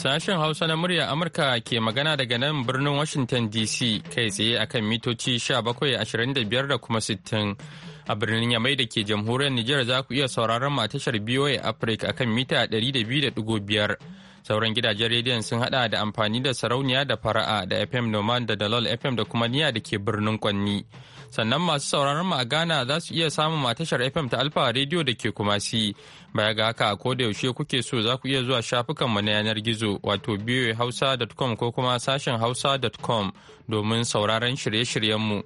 Sashen Hausa na murya Amurka ke magana daga nan birnin Washington DC kai tsaye akan mitoci 1725 da kuma 60 a birnin Yamai da ke jamhuriyar Nijar za ku iya sauraron matashar BOA Africa akan mita 200.5 sauran gidajen rediyon sun hada da amfani da sarauniya da fara'a da FM Noman da Dalol FM da kuma niya da ke birnin Kwanni. sannan masu sauraron mu a Ghana za su iya samun matashar FM ta Alfa Radio da ke Kumasi. Baya ga haka ko da yaushe kuke so za ku iya zuwa shafukan mu na yanar gizo wato hausa.com ko kuma sashen hausa.com domin sauraron shirye-shiryen mu.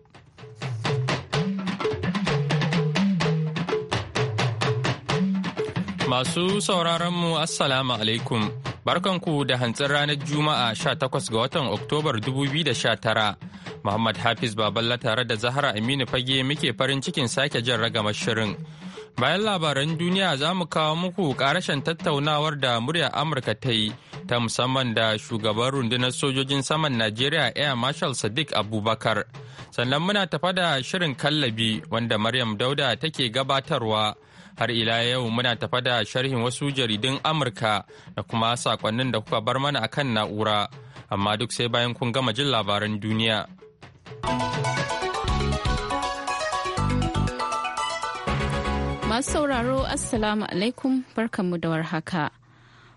Masu sauraron mu Assalamu alaikum. Barkanku da hantsin ranar Juma'a 18 ga watan Oktobar 2019. Muhammad Hafiz Baballa tare da Zahra Aminu Fage muke farin cikin sake jan ragamar shirin. Bayan labaran duniya za mu kawo muku karashen tattaunawar da muryar Amurka ta yi ta musamman da shugaban rundunar sojojin saman Najeriya Air Marshal Sadiq Abubakar. Sannan muna tafa da shirin kallabi wanda Maryam Dauda take gabatarwa. Har ila yau muna tafa da sharhin wasu jaridun Amurka da kuma sakonnin da kuka bar mana akan na'ura. Amma duk sai bayan kun gama jin labaran duniya. Masu sauraro Assalamu alaikum barkanmu da warhaka.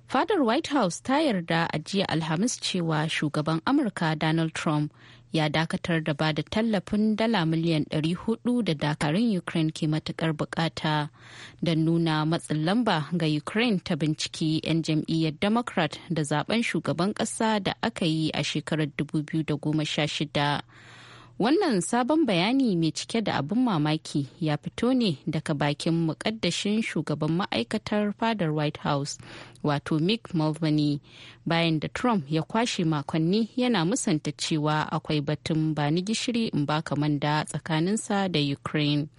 Fadar White House ta yarda a jiya Alhamis cewa shugaban Amurka Donald Trump ya dakatar da ba da tallafin dala miliyan 400 da dakarun Ukraine ke matukar bukata don nuna matsin lamba ga Ukraine ta binciki 'yan jam'iyyar Democrat da zaben shugaban ƙasa da aka yi a shekarar 2016. Wannan sabon bayani mai cike da abin mamaki ya fito ne daga bakin mukaddashin shugaban ma'aikatar fadar White House, wato Mick Mulvaney, bayan da Trump ya kwashe makonni yana musanta cewa akwai batun ba ni gishiri in baka manda tsakaninsa da Ukraine.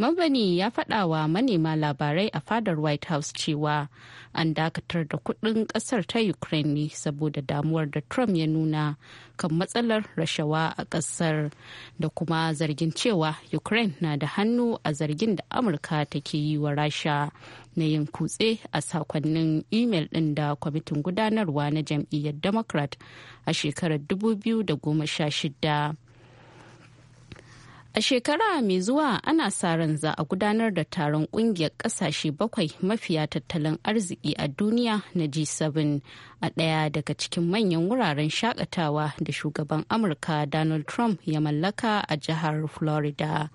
Mabani ya faɗa wa manema labarai a fadar White House cewa an dakatar da kuɗin ƙasar ta Ukraine ne saboda damuwar da Trump ya nuna kan matsalar rashawa a ƙasar da kuma zargin cewa Ukraine na da hannu a zargin da Amurka take yi wa Rasha na yin kutse a sakonnin imel ɗin da kwamitin gudanarwa na jam'iyyar Democrat a shekarar 2016. A shekara mai zuwa ana sa ran za a gudanar da taron kungiyar kasashe bakwai mafiya tattalin arziki a duniya na G7 a ɗaya daga cikin manyan wuraren shakatawa da shugaban Amurka Donald Trump ya mallaka a jihar Florida.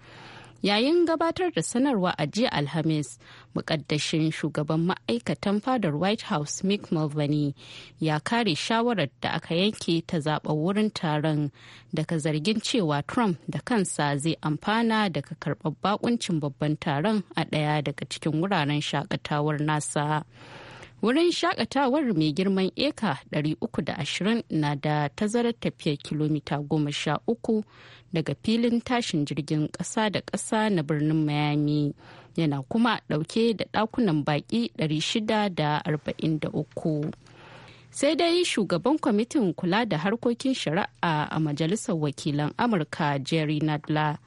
yayin gabatar da sanarwa a jiya alhamis mukaddashin shugaban ma'aikatan fadar white house mick mulvaney ya kare shawarar da aka yanke ta zaɓa wurin taron daga zargin cewa trump da kansa zai amfana daga karɓar bakuncin babban taron a ɗaya daga cikin wuraren shakatawar nasa Wurin shakatawar mai girman eka 320 na da tazarar tafiyar kilomita 13 daga filin tashin jirgin ƙasa da ƙasa na birnin Miami. Yana kuma ɗauke da ɗakunan baƙi 643. Sai dai shugaban kwamitin kula da harkokin shari'a a Majalisar Wakilan Amurka Jerry Nadler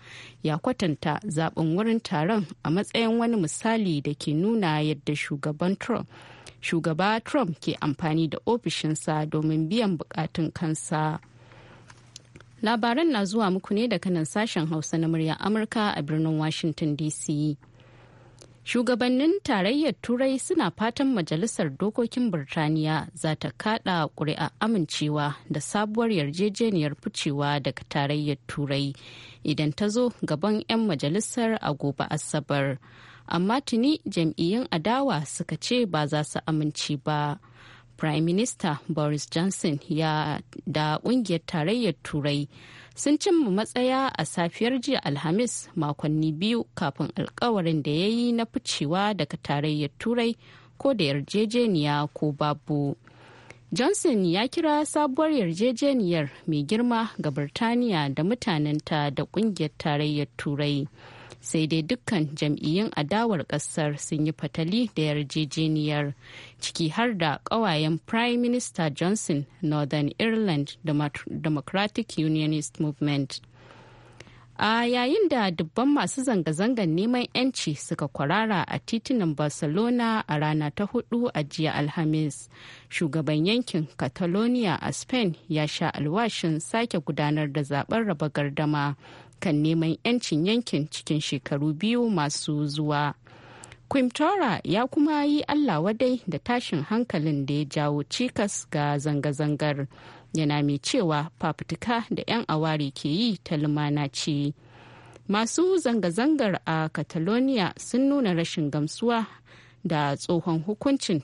ya kwatanta zaben wurin taron a matsayin wani misali da ke nuna yadda shugaban Trump shugaba trump ke amfani da ofishinsa domin biyan bukatun kansa labaran na zuwa muku ne daga nan sashen hausa na murya amurka a birnin washington dc shugabannin tarayyar turai suna fatan majalisar dokokin birtaniya za ta kada kuri'a amincewa da sabuwar yarjejeniyar ficewa daga tarayyar turai idan ta zo gaban 'yan majalisar a gobe asabar. amma tuni jam'iyyun adawa suka ce ba za su amince ba. Prime Minister Boris Johnson ya da kungiyar tarayyar Turai sun cimma matsaya a safiyar jiya Alhamis makonni biyu kafin alkawarin da ya yi na ficewa daga tarayyar Turai ko da yarjejeniya ko babu. Johnson ya kira sabuwar yarjejeniyar mai girma ga Birtaniya da mutanenta da kungiyar tarayyar Turai. sai dai dukkan jam'iyyun adawar kasar sun yi fatali da yarjejeniyar ciki har da kawayen prime minister johnson northern ireland democratic unionist movement a yayin da dubban masu zanga-zangar neman 'yanci suka kwarara a titunan barcelona a rana ta hudu a jiya alhamis shugaban yankin catalonia a spain ya sha alwashin sake gudanar da zaben raba gardama kan neman 'yancin yankin cikin shekaru biyu masu zuwa. Quimtora ya kuma yi Allah wadai da tashin hankalin da ya jawo cikas ga zanga-zangar. Yana mai cewa fafutuka da 'yan awari ke yi ta lumana ce. Masu zanga-zangar a Catalonia sun nuna rashin gamsuwa da tsohon hukuncin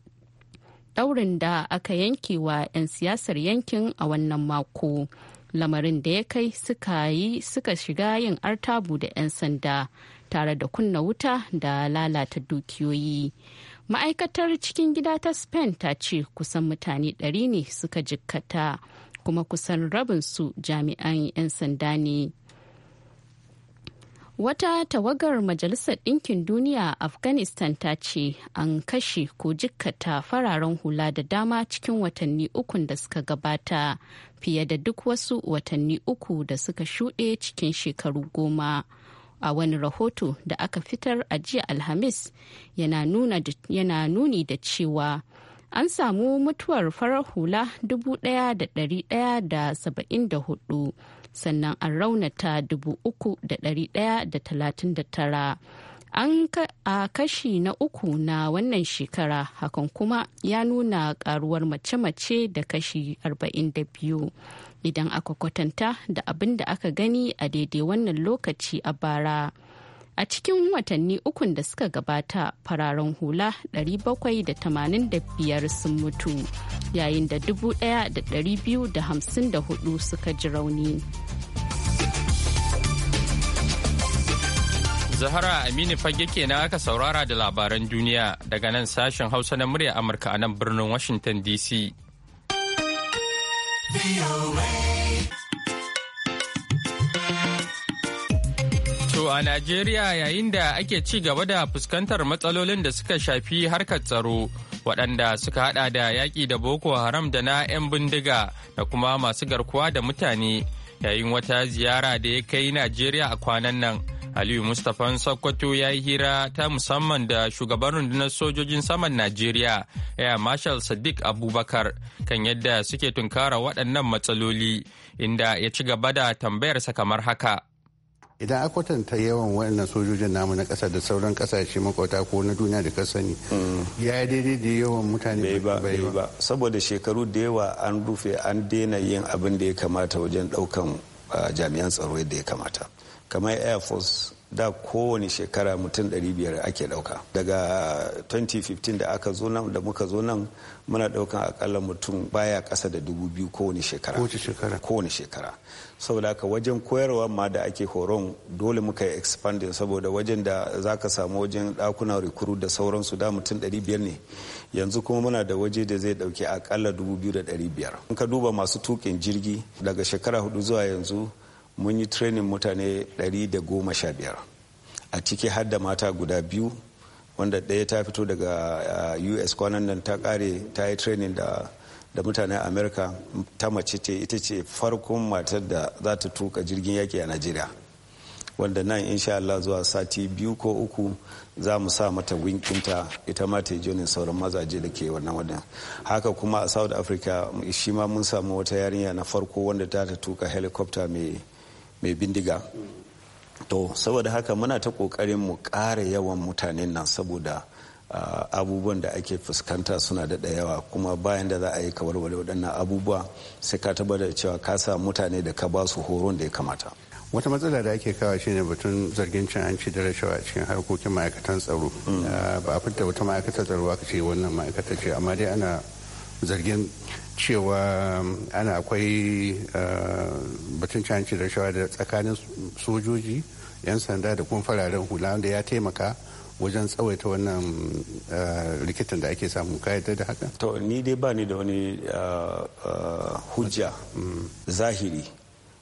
daurin da aka yanke wa 'yan siyasar yankin a wannan mako lamarin da ya kai suka yi suka shiga yin artabu da 'yan sanda tare da kunna wuta da lalata dukiyoyi ma'aikatar cikin gida ta spain ta ce kusan mutane 100 ne suka jikkata kuma kusan rabin su jami'an 'yan sanda ne Wata tawagar Majalisar Ɗinkin Duniya Afghanistan ta ce an kashe ko jikkata fararen hula da dama cikin watanni ukun da suka gabata fiye da duk wasu watanni uku da suka shuɗe cikin shekaru goma. A wani rahoto da aka fitar a jiya Alhamis yana, nuni da cewa an samu mutuwar farar hula 1174 sannan an raunata tara an a kashi na uku na wannan shekara hakan kuma ya nuna karuwar mace-mace da kashi arba'in da biyu idan aka kwatanta da abin da aka gani a daidai wannan lokaci a bara. a cikin watanni ukun da suka gabata fararen hula 785 sun mutu yayin da 1,254 suka ji rauni. Zahara Aminu fage kenan aka saurara da labaran duniya daga nan sashen Hausa na murya Amurka a nan birnin Washington DC. To a Najeriya yayin da ake ci gaba da fuskantar matsalolin da suka shafi harkar tsaro waɗanda suka hada da yaƙi da Boko Haram da na 'yan bindiga da kuma masu garkuwa da mutane yayin wata ziyara da ya kai Najeriya a kwanan nan. Aliyu Mustapha Sokoto ya yi hira ta musamman da shugaban rundunar sojojin saman Najeriya, Air Marshal Sadiq Abubakar, kan yadda suke tunkara waɗannan matsaloli, inda ya ci gaba da tambayarsa kamar haka. idan a kwatanta yawan waɗannan sojojin namu na ƙasa da sauran ƙasashe makwata ko na duniya da ka sani ya yi daidai da yawan mutane bai ba bai ba saboda shekaru da yawa an rufe an daina yin abin da ya kamata wajen ɗaukan jami'an tsaro yadda ya kamata kamar air force da kowane shekara mutum 500 ake dauka daga 2015 da aka zo nan da muka zo nan muna daukan akalla mutum baya kasa da 2000 kowane shekara kowane shekara saboda haka wajen koyarwa ma da ake horon dole muka yi expanding saboda wajen da za ka samu wajen dakuna rikuru da sauransu da mutum 500 ne yanzu kuma muna da waje da zai ɗauki akalla 2,500 in ka duba masu tukin jirgi daga shekara hudu zuwa yanzu mun yi training mutane 115 a ciki har da mata guda biyu wanda ɗaya ta fito daga ah, us kwanan nan ta kare ta yi training da da mutanen amerika ta mace ce ita ce farkon matar da za ta tuka jirgin yaki a najeriya wanda nan insha Allah zuwa sati biyu ko uku za mu sa mata winkinta ita ma ta yi sauran mazaje da ke wannan wannan haka kuma a south africa shi ma mun samu wata yarinya na farko wanda ta ta tuka helicopter mai bindiga to saboda haka muna ta kokarin mu kara yawan mutanen nan saboda abubuwan da ake fuskanta suna da yawa kuma bayan da za a yi ka warware waɗannan abubuwa sai ka tabbatar cewa ka sa mutane da ka ba su horon da ya kamata wata matsala da ake kawo shine batun zargin cin hanci da rashawa cikin harkokin ma'aikatan tsaro mm. ba a fita wata ma'aikatar tsaro aka ce wannan ma'aikata ce amma dai ana zargin cewa um, ana akwai uh, batun cin hanci da rashawa da tsakanin sojoji 'yan sanda da kuma fararen hula wanda ya taimaka wajen tsawaita wannan eh, rikitan da ake samu ka yarda da haka to ni dai ba ni da wani eh, eh, hujja mm. zahiri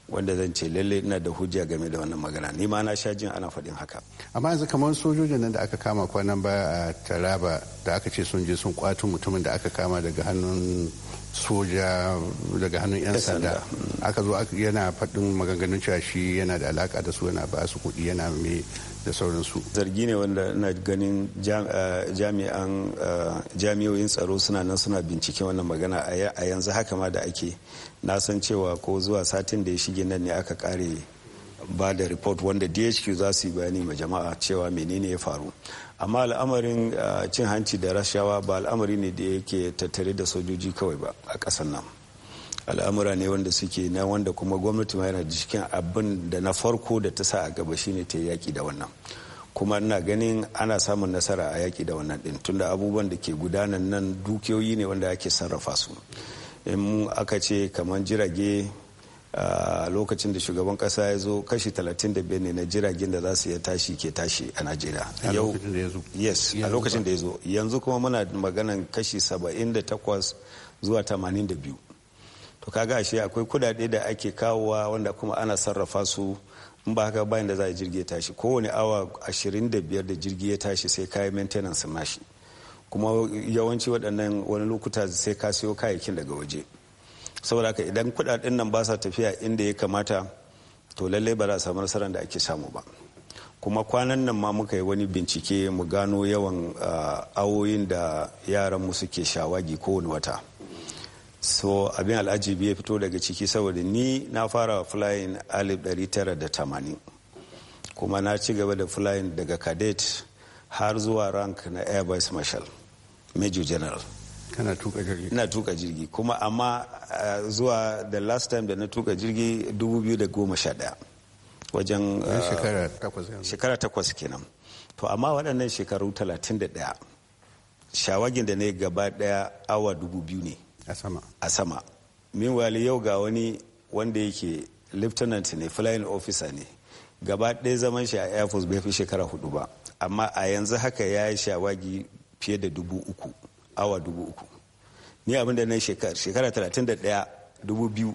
wanda zan ce lallai ina da hujja game da wannan magana ni ma na sha jin ana faɗin haka amma yanzu kamar sojojin nan da aka kama kwanan baya a taraba da aka ce sun je sun kwato mutumin da aka kama daga hannun soja daga hannun 'yan sanda mm. aka zo yana faɗin maganganun cewa shi yana da alaka da su yana ba su kuɗi yana me da sauransu zargi ne wanda ina ganin eh, jami'an eh, jami'oyin tsaro suna nan suna binciken wannan magana a yanzu haka ma da ake na san cewa ko zuwa satin da ya shige nan ne aka kare ba da report wanda dhq za su yi bayani ma jama'a cewa menene ya faru amma al'amarin ah, cin hanci da rashawa ba al'amari ne da yake tattare da sojoji kawai ba a ƙasar nan al'amura ne wanda suke na wanda kuma gwamnati ma yana da cikin abin da na farko da ta sa a gaba shine ta yaki da wannan kuma ina ganin ana samun nasara a yaki da wannan din tunda abubuwan da ke gudanan nan dukiyoyi ne wanda ake sarrafa su in aka ce kamar jirage a lokacin da shugaban kasa ya zo kashi 35 ne na jiragen da za su ya tashi ke tashi a najeriya yau yes a lokacin da ya zo yanzu kuma muna maganan kashi 78 zuwa 82 to kaga ashe akwai kudade da ake kawowa wanda kuma ana sarrafa su in ba haka bayan da za a jirgi ya tashi kowane awa 25 da jirgi ya tashi sai kayan maintenance nashi kuma yawanci waɗannan wani lokuta sai ka siyo kayayyakin daga waje saboda haka idan kuɗaɗen nan ba sa tafiya inda ya kamata to lallai ba za a samu nasarar da ake samu ba kuma kwanan nan ma muka yi wani bincike mu gano yawan ah, awoyin da yaran mu suke shawagi kowane wata so abin al'ajibi ya fito daga ciki saboda ni na fara flying alif 980 kuma na ci gaba da flying daga cadet har zuwa rank na airbus marshal major general kana tuka jirgi ina tuka jirgi kuma amma eh, zuwa the last time da na tuka jirgi 2011 wajen eh, shekara takwas kenan to amma waɗannan shekaru 31 shawagin da na gaba daya awa 2000 ne a sama meanwhile yau ga wani wanda yake lieutenant ne flying officer ne gaba ɗaya zaman shi a air force bai fi shekara hudu ba amma a yanzu haka ya yi shawagi fiye da dubu uku awa dubu uku ni abin da na shekara shekara talatin da ɗaya dubu biyu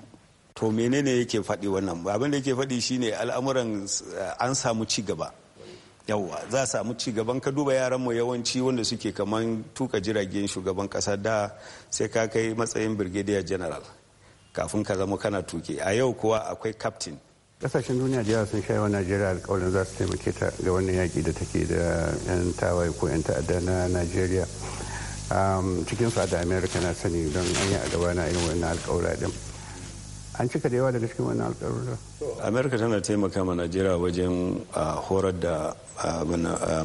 to menene yake faɗi wannan abin da yake faɗi shine al'amuran eh, an samu ci gaba yawwa za a samu ci gaban ka duba yaran mu yawanci wanda suke kaman tuka jiragen shugaban kasa da sai ka kai matsayin brigadier general kafin ka zama kana tuke a yau kuwa akwai captain kasashen duniya da yawa sun sha wa najeriya alkawarin za su taimake ta ga wannan yaƙi da take da 'yan tawaye ko 'yan ta'adda na najeriya cikin su da america na sani don an yi a gaba na irin wannan alkawura din an cika da yawa daga cikin wannan alkawura america tana taimaka ma najeriya wajen horar da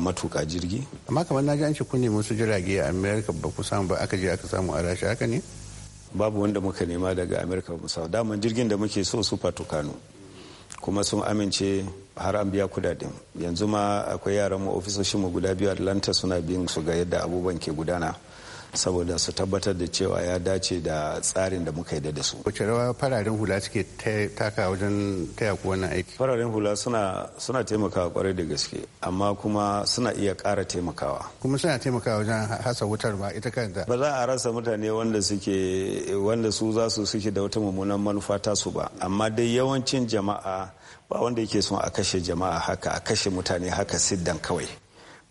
matuka jirgi amma kamar naji an ce kun nemi su jirage a america ba ku samu ba aka je aka samu a rasha haka ne babu wanda muka nema daga america ba mu daman jirgin da muke so su kano. kuma sun amince har an biya kudaden yanzu ma akwai yaran mu ofisoshin mu guda biyu atlanta suna bin su ga yadda abubuwan ke gudana saboda su tabbatar da cewa ya dace da tsarin da muka yi da su. Wace rawa fararen hula suke taka wajen taya ku wannan aiki? Fararen hula suna suna taimakawa kwarai da gaske amma kuma suna iya ƙara taimakawa. Kuma suna taimakawa wajen hasa wutar ba ita kanta. Ba za a rasa mutane wanda suke wanda su za su suke da wata mummunan manufa ta su ba amma dai yawancin jama'a ba wanda yake son a kashe jama'a haka a kashe mutane haka siddan kawai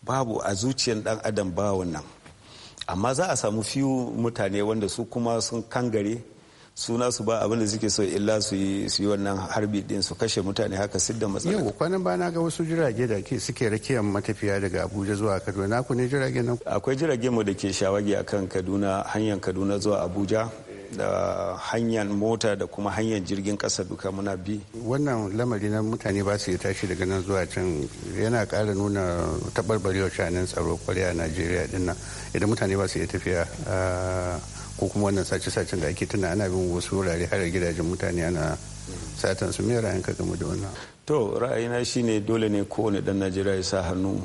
babu a zuciyar dan adam ba wannan amma za a samu fiyu mutane wanda su kuma sun kangare suna su ba abinda suke so illa su yi wannan harbi din su kashe mutane haka sidda matsala yau kwanan ba na ga wasu jirage da ke suke rakiyar matafiya daga Abuja zuwa Kaduna ku ne jirage nan akwai jirage mu da ke shawagi akan Kaduna hanyar Kaduna zuwa Abuja da hanyar mota da kuma hanyar jirgin kasa duka muna bi wannan lamari na mutane ba su tashi daga nan zuwa can yana ƙara nuna taɓarɓarewar shanin tsaro kwarya a najeriya din idan mutane ba su iya tafiya ko kuma wannan sace-sacen da ake tuna ana bin wasu wurare har gidajen mutane ana satan su me yanka game da wannan to ra'ayina shine dole ne kowane dan najeriya ya sa hannu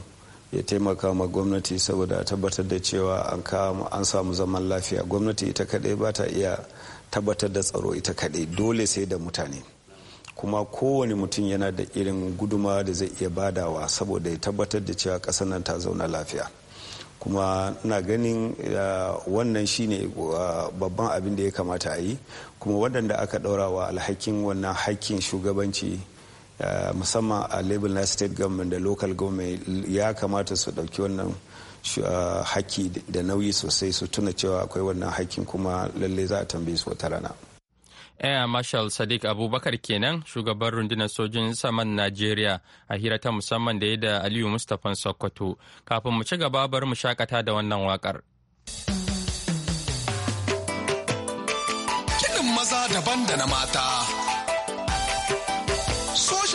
ya taimaka ma gwamnati saboda a tabbatar da cewa an samu zaman lafiya gwamnati ita kadai ba ta iya tabbatar da tsaro ita kadai dole sai da mutane kuma kowane mutum yana da irin guduma da zai iya badawa saboda ya tabbatar da cewa ƙasar nan ta zauna lafiya kuma na ganin wannan shine babban abin da ya kamata a yi kuma waɗanda aka ɗaurawa alhakin wannan hakkin shugabanci Eh, musamman a level na state government da local government ya kamata su dauki wannan eh, haki da nauyi sosai su tuna cewa akwai wannan hakkin kuma lalle za a tambaye su wata rana Air eh, Marshal Sadiq Abubakar kenan shugaban rundunar sojin saman Najeriya a hira ta musamman da ya da Aliyu Mustapha Sokoto. Kafin mu ci gaba bar mu shakata da wannan wakar. Kinin maza daban da na mata.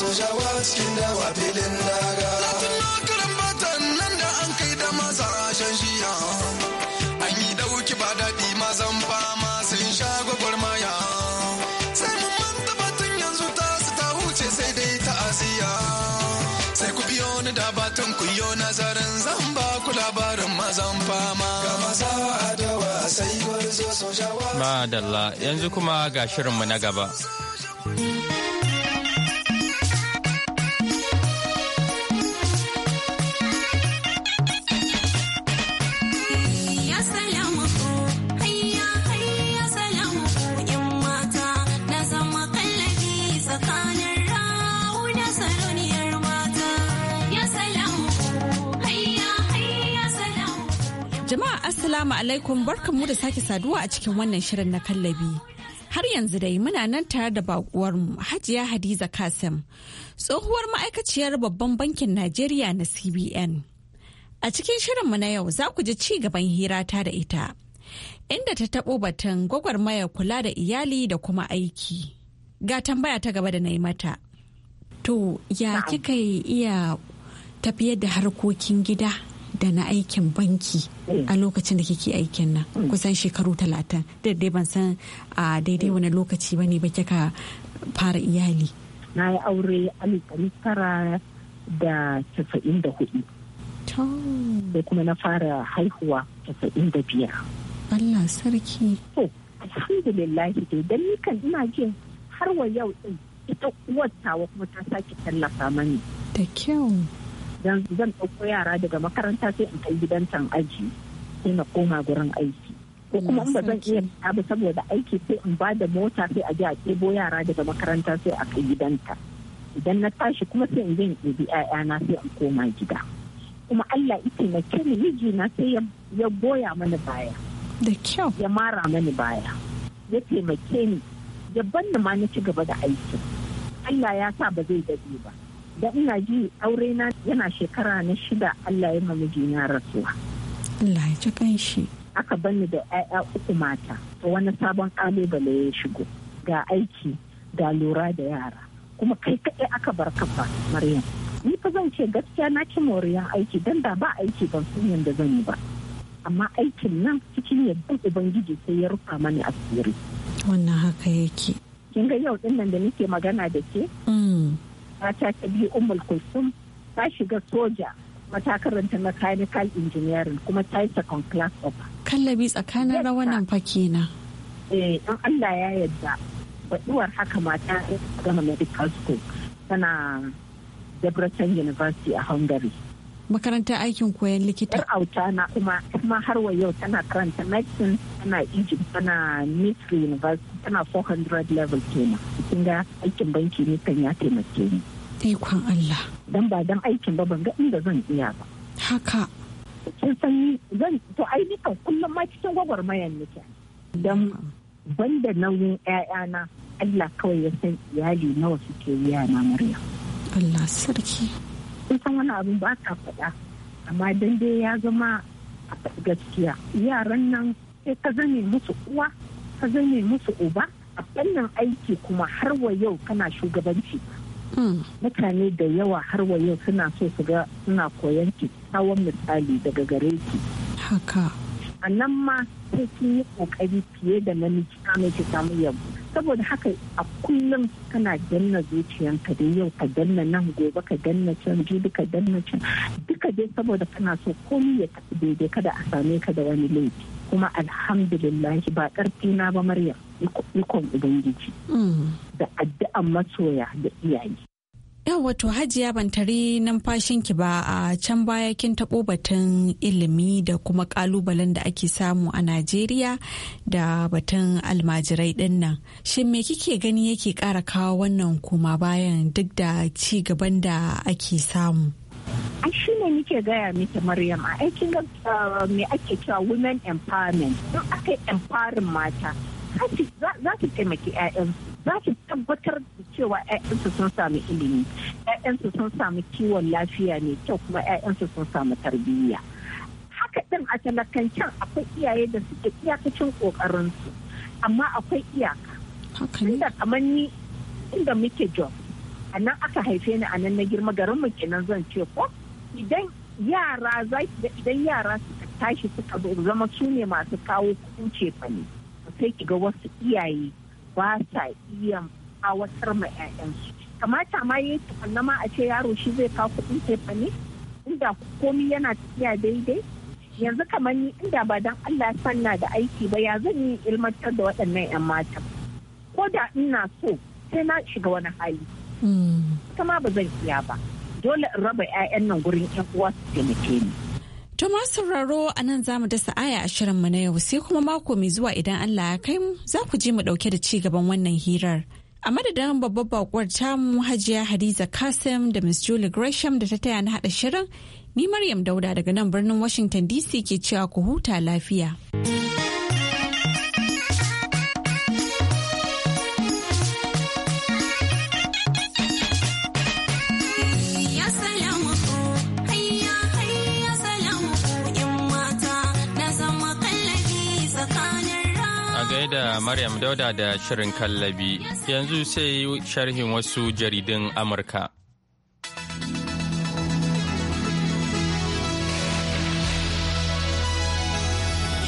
sojawa cikin dawa filin daga makarin matan nan da an kai da masara shan jiya an yi dauki ba daɗi mazan fama sun sha gwagwarmaya sai mun manta batun yanzu ta su ta huce sai dai ta asiya sai ku biyo ni da batun ku yo nazarin zan ba ku labarin mazan fama ga maza sai sojawa yanzu kuma ga shirinmu na gaba Assalamu alaikum barkanmu da sake saduwa a cikin wannan shirin na kallabi. Har yanzu dai muna nan tare da mu Hajiya Hadiza Kasim, tsohuwar ma'aikaciyar babban bankin Najeriya na CBN. A cikin shirinmu na yau za ku ji ci gaban hira ta da ita, inda ta taɓo batun gwagwarmaya kula da iyali da kuma aiki. Ga tambaya ta gaba da na yi mata. To, ya kika iya tafiyar da harkokin gida da na aikin banki a lokacin da kike aikin nan kusan shekaru talatin da dai ban san a daidai wani lokaci ba ne ba kika fara iyali na yi aure alif tara da casa'in da hudu da kuma na fara haihuwa casa'in da biyar Allah sarki to alhamdulillah dai dan nikan ina jin har wa yau din ita uwar tawa kuma ta sake tallafa mani da kyau dan zan ɗauko yara daga makaranta sai in kai gidan can aji sai na koma gurin aiki ko kuma in ba zan iya ba saboda aiki sai in ba da mota sai a je a ɗebo yara daga makaranta sai a kai gidanta idan na tashi kuma sai in zan ɗebi 'ya'yana sai in koma gida kuma Allah ita na kiri mijina sai ya goya mani baya da kyau ya mara mani baya ya taimake ni ya banna ma na ci gaba da aiki Allah ya sa ba zai dade ba da ina ji aure na yana shekara na shida Allah ya mamaji na rasuwa. Allah ya ji shi. Aka bani da 'ya'ya uku mata wani sabon kalubale ya shigo ga aiki da lura da yara kuma kai kaɗai aka bar kafa Maryam. Ni fa zan ce gaskiya na ci moriyan aiki don da ba aiki ban san yadda zan yi ba. Amma aikin nan cikin yadda Ubangiji sai ya rufa mani asiri. Wannan haka yake. Kin ga yau ɗinnan da nake magana da ke? Mm. mata ta biyu umul kulsum ta shiga soja matakaranta mechanical engineering kuma ta yi second class of kallabi tsakanin rawanan fa kenan eh in Allah ya yarda baduwar haka mata gama medical school tana Debrecen University a Hungary makarantar aikin koyon likita. Yar auta na kuma kuma har wa yau tana karanta medicine tana Egypt tana Misr University tana 400 level kenan. Kin aikin banki ne kan ya taimake ni. Ikon Allah. Dan ba dan aikin ba ban ga inda zan iya ba. Haka. Kin san zan to ai kan kullum ma cikin gwagwarmayan nake. Dan banda nauyin ƴaƴana Allah kawai ya san iyali nawa suke yi na murya. Allah sarki. sun san wani abin ba ta faɗa amma dan dai ya zama a gaskiya yaran nan sai ka zame musu uwa ka zame musu uba a fannin aiki kuma har wa yau kana shugabanci hmm. mutane da yawa har wa yau suna so su ga suna koyan tsawon misali daga gare ki haka a nan ma sai kin yi kokari fiye da namiji ka mai ki samu yabo saboda haka a kullum kana danna zuciyanka da yau ka danna nan gobe ka danna can jibi ka danna can duka dai saboda kana so komai ya tafi daidai kada a same ka da wani laifi kuma alhamdulillah ba karfi na ba maryam ikon ubangiji mm. da addu'an masoya da iyaye yau wato hajiya ban tari ki ba a can baya kin taɓo batun ilimi da kuma kalubalen da ake samu a Najeriya da batun almajirai ɗin nan. Shin me kike gani yake ƙara kawo wannan kuma bayan duk da ci gaban da ake samu? An shi ne nike gaya miki Maryam a aikin uh, me ake cewa women empowerment. Don aka yi mata, za su taimaki 'ya'yansu. za su tabbatar da cewa 'ya'yansu sun sami ilimi 'ya'yansu sun samu kiwon lafiya ne kyau kuma 'ya'yansu sun samu tarbiyya haka ɗin a talakancin akwai iyaye da suke iyakacin ƙoƙarinsu amma akwai iyaka inda kamar ni inda muke job a nan aka haife ni a nan na girma garin mu kenan zan ce ko idan yara za idan yara suka tashi suka zama su ne masu kawo kuce fa ne sai ki ga wasu iyaye ba sa iya awatar ma 'ya'yansu kamata ma yi ma a ce yaro shi zai kawo kuɗin tefa ne inda komi yana tafiya daidai yanzu kamar ni inda ba dan Allah sanna da aiki ba ya zan yi ilmantar da waɗannan 'yan mata ko da ina so sai na shiga wani hali kuma hmm. ba zan iya ba dole in raba 'ya'yan nan gurin 'yan uwa su taimake ni To masu sauraro a nan za mu dasa aya a shirin mu na yau sai kuma mako mai zuwa idan Allah ya kai mu za ku je mu ɗauke da ci gaban wannan hirar. A madadin babbar bakuwar tamu Hajiya Hadiza Kasim da Miss Julie Gresham da ta taya na haɗa shirin, ni Maryam Dauda daga nan birnin Washington DC ke cewa ku huta lafiya. da Maryam Dauda da Shirin Kallabi. Yanzu sai sharhin wasu jaridun Amurka.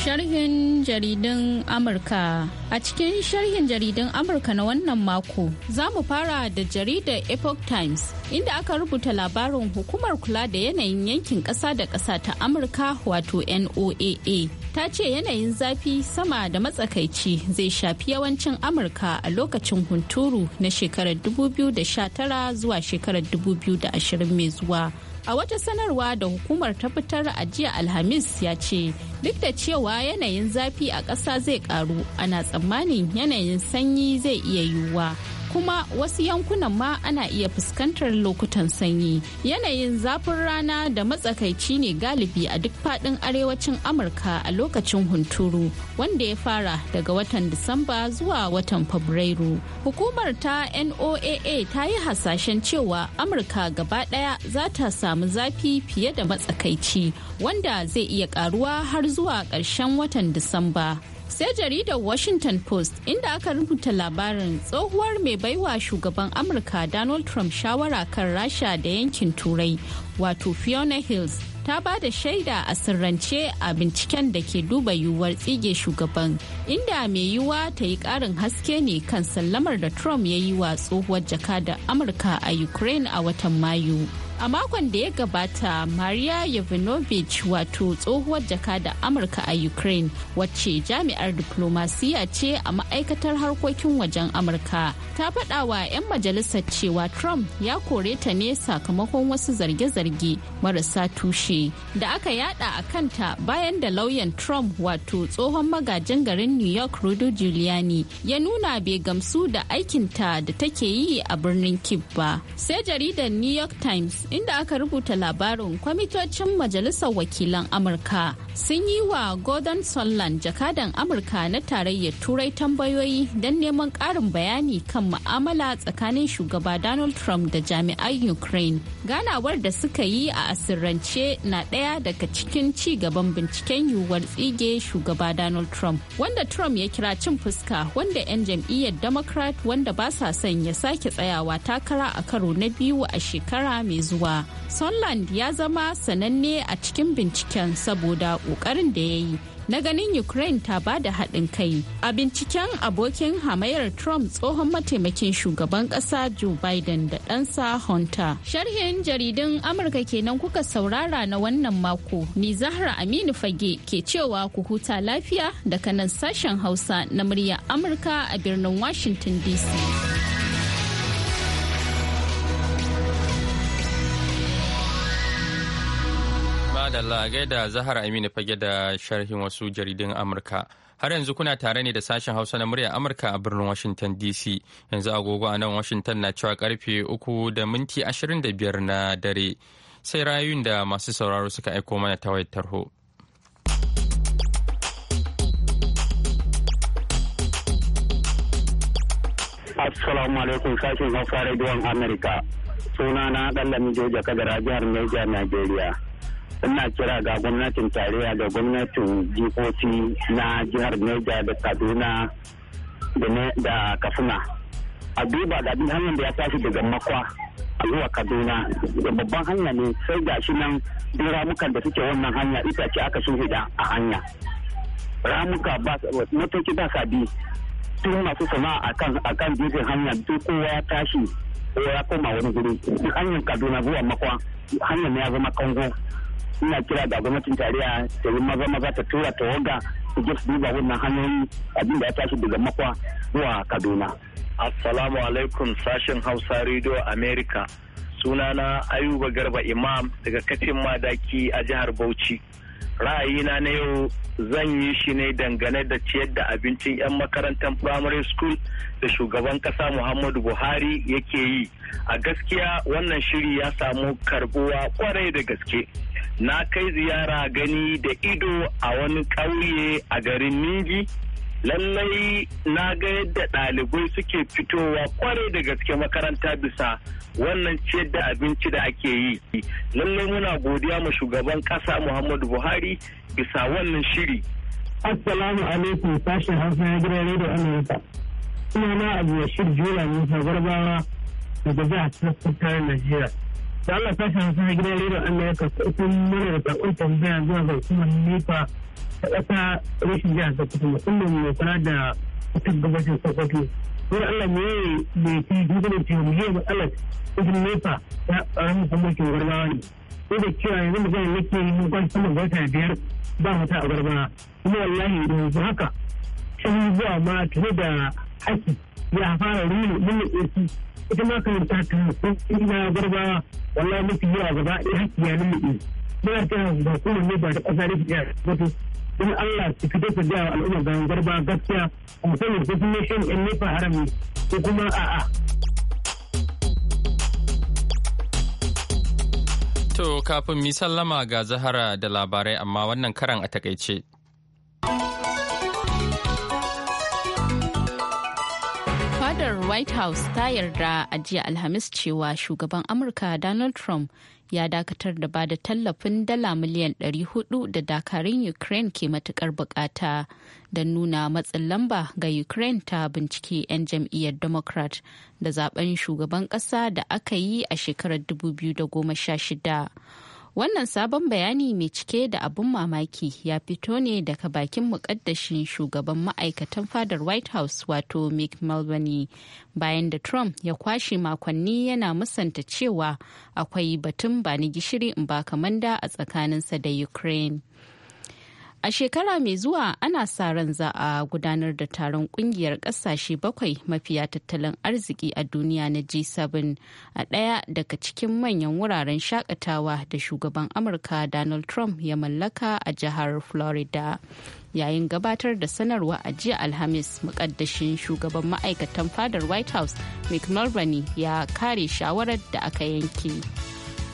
Sharhin jaridun Amurka A cikin sharhin jaridun Amurka na wannan mako za mu fara da jaridar Epoch Times inda aka rubuta labarin hukumar kula da yanayin yankin ƙasa da ƙasa ta Amurka wato NOAA. ta ce yanayin zafi sama da matsakaici zai shafi yawancin amurka a lokacin hunturu na shekarar 2019 zuwa shekarar 2020 mai zuwa a wata sanarwa da hukumar ta fitar a jiya alhamis ya ce duk da cewa yanayin zafi a ƙasa zai karu ana tsammanin yanayin sanyi zai iya yiwuwa kuma wasu yankunan ma ana iya fuskantar lokutan sanyi yanayin zafin rana da matsakaici ne galibi a duk fadin arewacin amurka a lokacin hunturu wanda ya fara daga watan disamba zuwa watan fabrairu hukumar ta noaa ta yi hasashen cewa amurka gaba ɗaya za ta samu zafi fiye da matsakaici wanda zai iya karuwa har zuwa ƙarshen watan disamba sai jaridar washington post inda aka rubuta labarin tsohuwar mai baiwa shugaban amurka donald trump shawara kan rasha da yankin turai wato fiona hills ta ba da shaida a sirrance a binciken da ke duba yiwuwar tsige shugaban inda mai yiwuwa ta yi karin haske ne kan sallamar da trump ya yi wa tsohuwar jakadar amurka a ukraine a watan mayu a makon da ya gabata maria yovanovich wato tsohuwar jaka da amurka a ukraine wacce jami'ar diplomasiya ce a ma'aikatar harkokin wajen amurka ta faɗa wa 'yan majalisar cewa trump ya kore ta ne sakamakon wasu zarge-zarge marasa tushe da aka yada a kanta bayan da lauyan trump wato tsohon magajin garin new york rudo giuliani ya nuna bai gamsu da aikinta da take yi a birnin kibba sai jaridar new york times inda aka rubuta labarin kwamitocin majalisar wakilan amurka sun yi wa gordon sunland jakadan amurka na tarayyar turai tambayoyi don neman ƙarin bayani kan ma'amala tsakanin shugaba donald trump da jami'an ukraine ganawar da suka yi a asirrance na ɗaya daga cikin ci gaban binciken yiwuwar tsige shugaba donald trump wanda trump ya kira cin fuska wanda 'yan jam'iyyar democrat wanda ba sa son ya sake tsayawa takara a karo na biyu a shekara mai zuwa cewa Sunland ya zama sananne a cikin binciken saboda ƙoƙarin da ya yi na ganin Ukraine ta ba da haɗin kai. A binciken abokin hamayar Trump tsohon mataimakin shugaban ƙasa Joe Biden da ɗansa Hunter. Sharhin jaridun Amurka kenan kuka saurara na wannan mako. Ni Zahra Aminu Fage ke cewa ku huta lafiya daga nan sashen Hausa na murya Amurka a birnin Washington DC. Madalla gaida Zahar Aminu fage da sharhin wasu jaridun Amurka. Har yanzu kuna tare ne da sashen Hausa na murya Amurka a birnin Washington DC. Yanzu agogo a nan Washington na cewa karfe uku da minti 25 na dare. Sai rayun da masu sauraro suka aiko mana ta wayar tarho. Assalamu alaikum sashen Hausa Radio Amurka. Sunana Dallami Joja Kadara jihar Niger Nigeria. ina kira ga gwamnatin tarayya da gwamnatin jihohi na jihar Niger da Kaduna da Katsina. A duba da duk hanyar da ya tashi daga makwa a zuwa Kaduna da babban hanya ne sai ga shi nan duk ramukan da suke wannan hanya itace aka shimfiɗa a hanya. Ramuka ba motoci ba sabi tun masu sana'a a kan jifin hanya duk kowa ya tashi ko ya koma wani guri duk hanyar Kaduna zuwa makwa hanyar ne ya zama kango ina kira ga gwamnatin tarayya ta yi maza maza ta tura ta waga su je su duba wannan hanyoyi abin da ya tashi daga makwa zuwa kaduna. assalamu alaikum sashen hausa radio america sunana ayuba garba imam daga kafin madaki a jihar bauchi ra'ayina na yau zan yi shi ne dangane da ciyar da abincin 'yan makarantar primary school da shugaban kasa muhammadu buhari yake yi a gaskiya wannan shiri ya samu karbuwa kwarai da gaske na kai ziyara gani da ido a wani ƙauye a garin ningi lallai na ga yadda ɗalibai suke fitowa kwarai da gaske makaranta bisa wannan ciyar da abinci da ake yi lallai muna godiya ma shugaban ƙasa muhammadu buhari bisa wannan shiri assalamu alaikum sashen hausa ya gina da amurka ina na abu ya shir jula musa daga jihar tattattar najeriya da Allah ta shi na gidan rediyon Amerika sun mana da sakon tambaya zuwa ga kuma nefa ta ƙasa rashin jihar Sokoto kuma mai kula da ta gabashin Sokoto. Wani Allah ne yi fi da ce mu yi matsalar ilimin nipa ta ƙaramin hukumocin gargawa ne. Ko da cewa yanzu zai yake yi mun kwan sama wata biyar ba mata a gargawa. Kuma wallahi yanzu haka shan zuwa ma tare da haki ya fara rulu mun ne ita ma kan ta ta sun na garba wallahi mafi yawa gaba ɗaya hakki ya nuna ɗin muna ta ba kuma ne ba da ƙasa ne fiye wato in Allah su fito ta gaya wa al'umma ganin garba gaskiya a musamman ko kuma shan ƴan nefa harami ko kuma a'a. To kafin mi sallama ga Zahara da labarai amma wannan karan a takaice. white house ta yarda a jiya alhamis cewa shugaban amurka donald trump ya dakatar da bada tallafin dala miliyan 400 da dakarun ukraine ke matukar bukata don nuna matsin lamba ga ukraine ta bincike 'yan jam'iyyar democrat da zaben shugaban kasa da aka yi a shekarar 2016 Wannan sabon bayani mai cike da abun mamaki ya fito ne daga bakin mukaddashin shugaban ma'aikatan fadar White House wato Mick Mulvaney bayan da Trump ya kwashe makonni yana musanta cewa akwai batun ba ni gishiri in ba kamanda a tsakaninsa da Ukraine. A shekara mai zuwa ana sa ran za a gudanar da taron kungiyar kasashe bakwai mafiya tattalin arziki a duniya na G7 a ɗaya daga cikin manyan wuraren shakatawa da shugaban Amurka Donald Trump ya mallaka a jihar Florida. Yayin gabatar da sanarwa a jiya Alhamis, mukaddashin shugaban ma'aikatan fadar White House, Mick Mulvaney ya kare shawarar da aka yanke.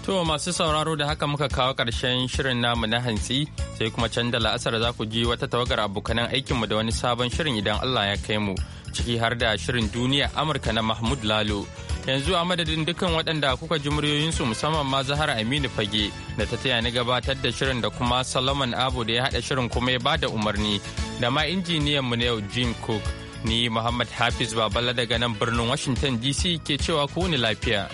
To masu sauraro da haka muka kawo ƙarshen shirin namu na hantsi sai kuma can da la'asar za ku ji wata tawagar abokanan aikinmu da wani sabon shirin idan Allah ya kai mu ciki har da shirin duniya Amurka na Mahmud Lalo. Yanzu a madadin dukkan waɗanda kuka ji muryoyinsu musamman ma Zahara Aminu Fage da ta taya ni gabatar da shirin da kuma Solomon Abu da ya haɗa shirin kuma ya bada umarni da ma injiniyanmu na yau Jim Cook. Ni Muhammad Hafiz Babala daga nan birnin Washington DC ke cewa ku ni lafiya.